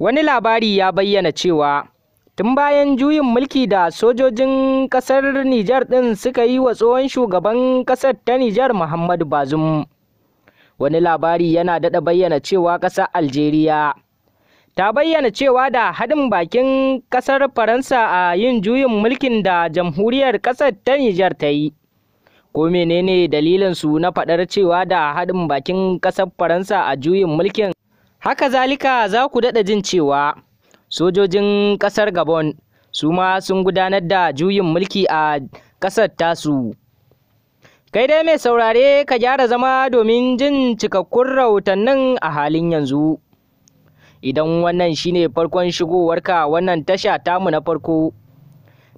Wani labari ya bayyana cewa tun bayan juyin mulki da sojojin ƙasar Nijar ɗin suka yi wa tsohon shugaban ƙasar ta Nijar Muhammadu Bazum. Wani labari yana daɗa bayyana cewa ƙasar Algeria ta bayyana cewa da haɗin bakin ƙasar Faransa a yin juyin mulkin da jamhuriyar ƙasar ta Nijar ta yi. Ko menene dalilinsu na faɗar cewa da haɗin bakin ƙasar Faransa a juyin mulkin haka zalika za ku daɗa jin cewa sojojin ƙasar gabon su ma sun gudanar da juyin mulki a ƙasar tasu kai dai mai saurare ka gyara zama domin jin cikakkun rahotannin a halin yanzu idan wannan shine farkon shigowarka wannan tasha tamu na farko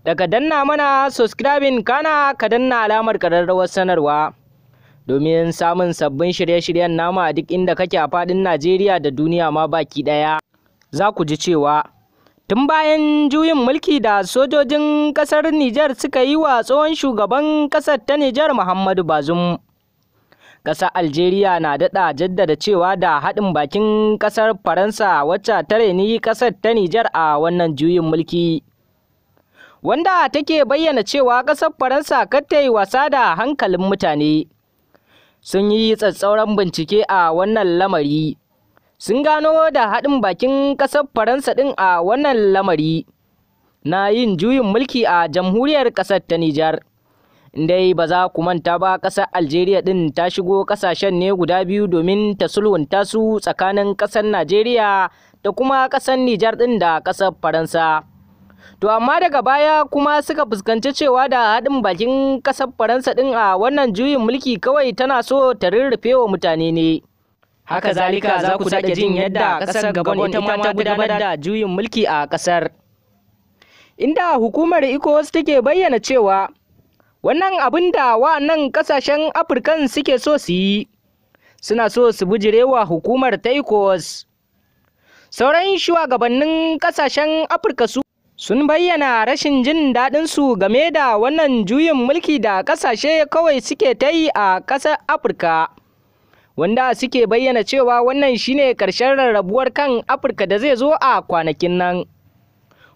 daga danna mana subscribing kana ka danna alamar ƙararrawar sanarwa domin samun sabbin shirye-shiryen nama a duk inda kake a faɗin Najeriya da duniya ma baki ɗaya. Za ku ji cewa tun bayan juyin mulki da sojojin ƙasar Nijar suka yi wa tsohon shugaban ƙasar ta Nijar Muhammadu Bazum. Ƙasar Algeria na daɗa jaddada cewa da haɗin bakin ƙasar Faransa wacce ta reni ƙasar ta Nijar a wannan juyin mulki. Wanda take bayyana cewa ƙasar Faransa kar ta yi wasa da hankalin mutane. sun yi tsatsauran bincike a wannan lamari sun gano da haɗin bakin ƙasar faransa ɗin a wannan lamari na yin juyin mulki a jamhuriyar ƙasar ta nijar dai ba za ku manta ba ƙasar algeria ɗin ta shigo ƙasashen ne guda biyu domin ta sulhunta su tsakanin ƙasar najeriya da kuma ƙasar nijar ɗin da ƙasar faransa To amma daga baya kuma suka fuskanci cewa da haɗin bakin ƙasar Faransa ɗin a wannan juyin mulki kawai tana so ta rirrufe wa mutane ne. Haka zalika za ku sake jin yadda ƙasar Gabon ita ma ta gudanar da juyin mulki a ƙasar. Inda hukumar ECOWAS take bayyana cewa wannan abin da wa'annan ƙasashen Afirkan suke so su yi, suna so su bijirewa hukumar ta ECOWAS. Sauran shugabannin ƙasashen Afirka su sun bayyana rashin jin daɗinsu game da wannan juyin mulki da ƙasashe kawai suke ta yi a ƙasar afirka wanda suke bayyana cewa wannan shine ƙarshen rarrabuwar kan afirka da zai zo a kwanakin nan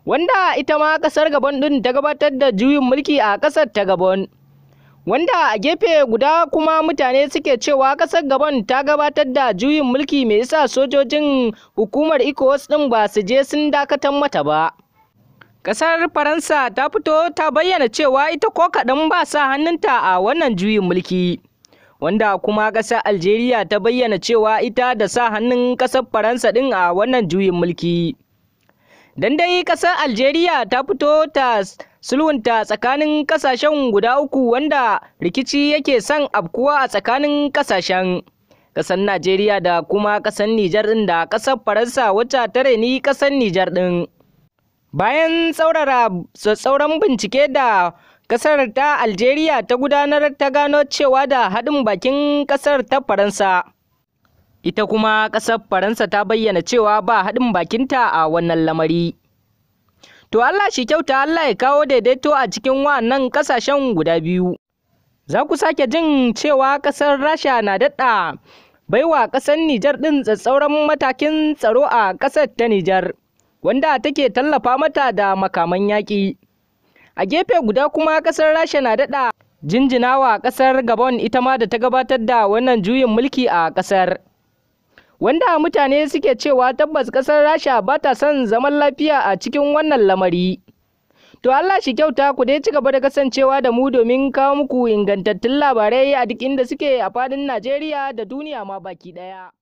wanda ita ma ƙasar gabon ɗin ta gabatar da juyin mulki a ƙasar ta gabon wanda a gefe guda kuma mutane suke cewa ƙasar gabon ta gabatar da juyin mulki mai isa sojojin hukumar ecowas ɗin ba su je sun dakatar mata ba Ƙasar Faransa ta fito ta bayyana cewa ita ko kaɗan ba sa hannunta a wannan juyin mulki. Wanda kuma ƙasar Algeria ta bayyana cewa ita da sa hannun ƙasar Faransa ɗin a wannan juyin mulki. Dan dai ƙasar Algeria ta fito ta sulhunta tsakanin ƙasashen guda uku wanda rikici yake son afkuwa a tsakanin ƙasashen. Ƙasar Najeriya da kuma ƙasar Nijar ɗin da ƙasar Faransa wacce ta reni ƙasar Nijar ɗin. bayan tsauran bincike da kasar ta algeria ta gudanar ta gano cewa da haɗin bakin kasar ta faransa ita kuma kasar faransa ta bayyana cewa ba haɗin bakinta a wannan lamari to allah shi kyauta allah ya kawo daidaito a cikin wannan kasashen guda biyu za ku sake jin cewa kasar rasha na daɗa baiwa kasar nijar ɗin tsatsauran matakin tsaro a kasar ta nijar wanda take tallafa mata da makaman yaƙi. A gefe guda kuma ƙasar Rasha na daɗa jinjinawa ƙasar Gabon ita ma da ta gabatar da wannan juyin mulki a ƙasar. Wanda mutane suke cewa tabbas ƙasar Rasha ba ta son zaman lafiya a cikin wannan lamari. To Allah shi kyauta ku dai ci gaba da kasancewa da mu domin kawo muku ingantattun labarai a duk inda suke a fadin Najeriya da duniya ma baki ɗaya.